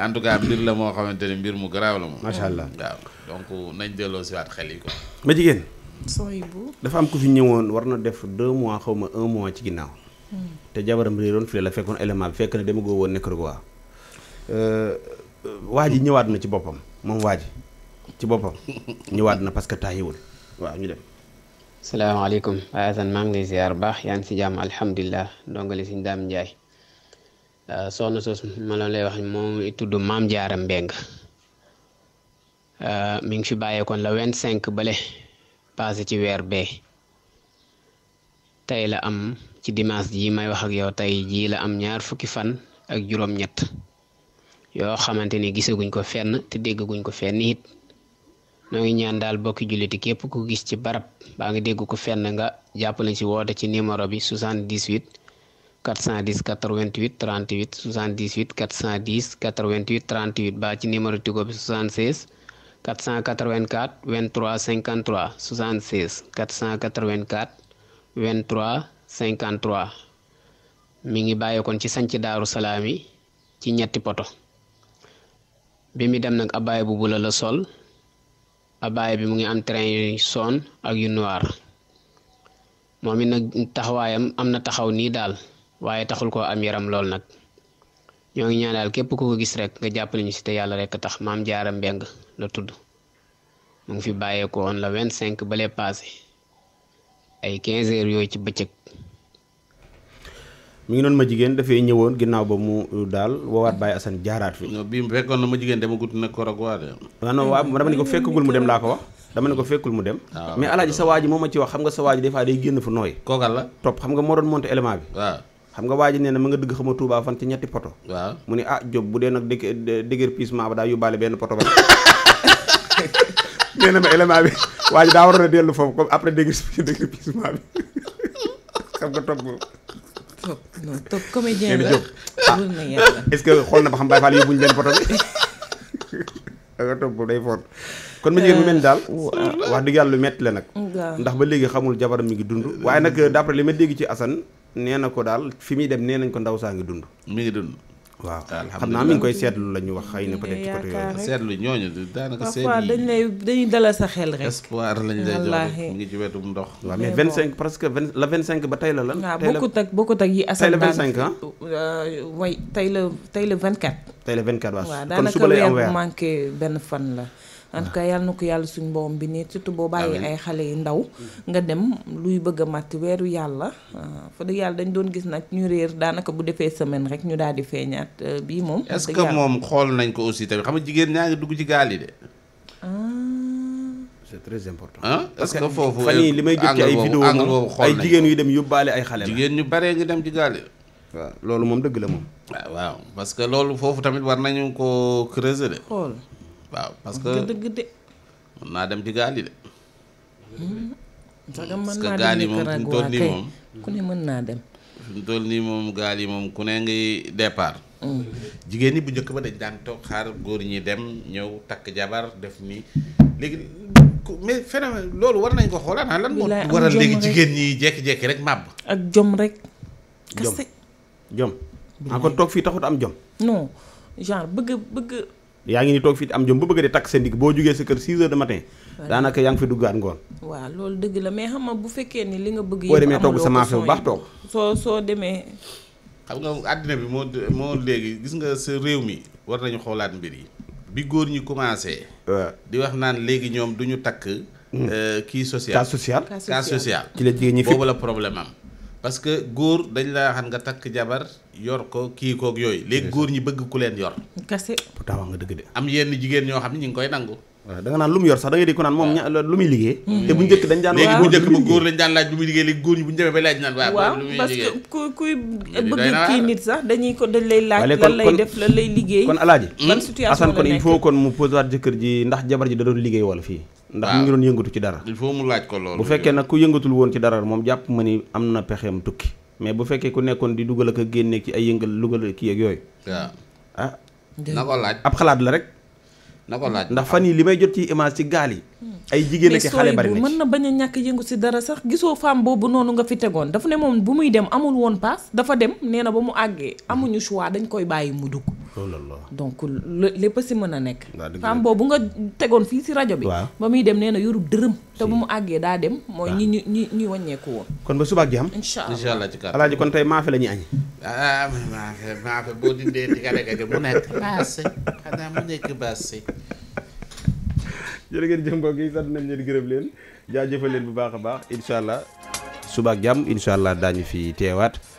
en tout cas mbir la moo xamante ne mbir mu garaaw la moom. macha allah waaw donc nañ ma jigéen. sooy dafa am ku fi ñëwoon war na def deux mois xaw ma un mois ci ginnaaw. Hmm. te jabaram réeroon fii la fekkoon élément bi fekk na dama goo woon nekk rek euh, waa. waa ji ñëwaat na ci boppam moom waa ji ci boppam ñëwaat na parce que taayiwul waaw ñu dem. salaamaaleykum. waaye maa ngi lay baax yaa si jàmm alhamdulilah ndongali si Ndam Ndiaye. Euh, soxna soosu ma la lay wax moom ngi tudd maam jaara mbeng euh, mi ngi fi bàyyeekoon la vingt cinq bale passé ci weer bee tey la am ci dimaas ji may wax ak yow tey jii la am ñaar fukki fan ak juróom-ñett yoo xamante ni gisaguñ ko fenn te déggaguñ ko fenn it noo ngi ñaan daal bokki julliti képp ku gis ci barab baa ngi dégg ko fenn nga jàppale ci woote ci numéro bi 78. 410 88 38 78 410 88 38 ba ci numéro Tigo bi 76 484 23 53 76 484 23 53 mi ngi bàyyeekoon ci sanc daaru salaam yi ci ñetti poto bi mi dem nag abaay bu bula la sol abaay bi mu ngi am train yu son ak yu noir moom it nag taxawaayam am na taxaw nii daal waaye taxul ko am yaram lool nag ñoo ngi ñaan daal képp ku ko gis rek nga jàppale ñu si te yàlla a tax maam jaara mbeng la tudd mu ngi fi bàyyeekoo woon la vingt cinq bale passé ay quinze heures yooyu ci bëccëg mi ngi noonu ma jigéen dafay ñëwoon ginnaaw ba mu daal woowaat Baye Assane jaaraat fi bi fekkoon na ma jigéen dama gudd nag ko ragwaade waaw ah, non waaw dama ne ko fekkagul mu dem laa ko wax dama ne ko fekkul mu dem ah, mais alaaji sa waa ji moo ma sa waa ji des fois la topp xam nga moo doon monté xam nga waa ji nee na ma nga dëgg xama Touba fan ci ñetti poto waaw mu ni ah Diop bu dee nag dé déguerpissement ba daa yóbbaale benn poto ba nee ma élément bi waa ji daa waroon a dellu foofu comme après déguerpissement bi xam nga topp top non top comédien la ah, est-ce que xool na ba xam Baye Fall yóbbuñu benn poto bi nga topp day fort kon ma jigéen mu mel ni daal wax dëgg yàlla lu metti la nag ndax ba léegi xamul jabaram mi ngi dund waaye nag d'après li ma dégg ci Assane nee na ko daal fi muy dem nee nañ ko ndaw saa ngi dund. mi ngi dund. waaw xam naa mi ngi koy seetlu la ñu wax xëy na ko être ci côté yooyu seet yi dañ lay dañuy dalal sa xel rek espoir lañ lay jox ndox waaw mais vingt cinq presque vingt la vingt cinq ba tey la lan waaw bokkut ak bokkut ak yi asal tey la vingt ah? euh, la tey la vingt quatre tey la vingt quatre waaw kon suba lay am weer manqué benn fan la en tout cas yàlla ko yàlla suñu borom bi ne surtout boo bàyyi ay xale yu ndaw nga dem luy bëgg a màtt weeru yàlla fa dëgg yàlla dañ doon gis nag ñu réer daanaka bu defee semaine rek ñu daal di feeñaat euh, bii moom est-ce que moom xool nañ ko aussi tamit xam nga jigéen ñaa ngi dugg ci gaal yi de ah. c'est très ah, parce que foofu fan yii li may jot ci ay vidéo moom ay jigéen yu dem ay xale la jigéen ñu baree ngi dem ci gaal yi. waaw loolu moom dëgg la moom. waaw ah, waaw parce que loolu foofu tamit war nañu ko creuser de. xool waaw parce que dëgg de mën naa dem ci gaal yi de. sagam mën naa dem Nicaragua kay ku ne mën naa dem. fi nii moom gaal yi moom ku ne ngi départ. Mm. jigéen ñi bu njëkk ba dañ daan toog xaar góor ñi dem ñëw takk jabar def nii léegi mais phénomène loolu war nañ ko xoolaat ah lan moo waral léegi jigéen ñi jékki-jékki rek màbb. ak jom rek. kese jom jom. encore toog fii taxut am jom. non genre bëgg bëgg. yaa ngi ni toog fii am jom ba bëgg di takk sa ndigg boo jógee sa kër 6 heures de matin daanaka yaa ngi fi duggaat ngoon waaw loolu dëgg la mais xam nga bu fekkee ni li nga bëgg boo demee togg sa soo soo demee xam nga àddina bi moo moo léegi gis nga sa réew mi war nañu xoolaat mbir yi bi góor ñi commencé di wax naan léegi ñoom duñu takk hmm. euh, kii social cas social cas social ci la jigéen ñi fi boobu la problème parce que góor dañ laa xam nga takk jabar yor ko kii kook yooyu léegi góor ñi bëgg ku leen yor kese pourtant wax nga dëgg de am yenn jigéen ñoo xam ne ñu ngi koy nangu da nga naan lu mu yor sax da ngay ko naan moom lu muy liggéey hmm. te bu njëkk dañ daan léegi bu njëkk bu góor lañ daan laaj lu muy liggéey léegi góor ñi waaw waaw ku kuy bëgg kii nit sax dañuy ko dañ lay laaj lan lay liggéey kon alaaji hmm? ban situation la nekk Assane kon il faut kon mu posewaat jëkkër ji ndax jabar ji da doon liggéey wala fii ndax mu ngi doon yëngatu ci dara il mu laaj ko loolu bu fekkee nag ku yëngatul woon ci dara moom jàpp ma ni am na pexeem tukki mais bu fekkee ku nekkoon di dugal ak a génne ci ay yëngal lugal kii ak yooyu waaw ah laaj ab xalaat la rek na ko laaj ndax fan yi li may jot ci image ci gaal yi hmm. ay jigéen ak xale bari na mën na bañ a ñàkk yëngu si dara sax gisoo femme boobu noonu nga fi tegoon dafa ne moom bu muy dem amul woon paas dafa dem nee na ba mu àggee amuñu choix dañ koy bàyyi mu dugg donc lépp si mën a nekk femme boobu nga tegoon fii si rajo bi ba muy dem nee na yorub dërëm te bu mu àggee daa dem mooy ñi ñu ñi ñuy wàññeeku woon kon ba subaak jàmm incha allah alaaji kon tey maafe la ñuy añi ah maafe maafe boo dindee digalegage mu nekk baase xanaa mu nekk baase jërë ngeen leen bu baax a baax incha allah subaak jàmm incha allah daañu fi teewaat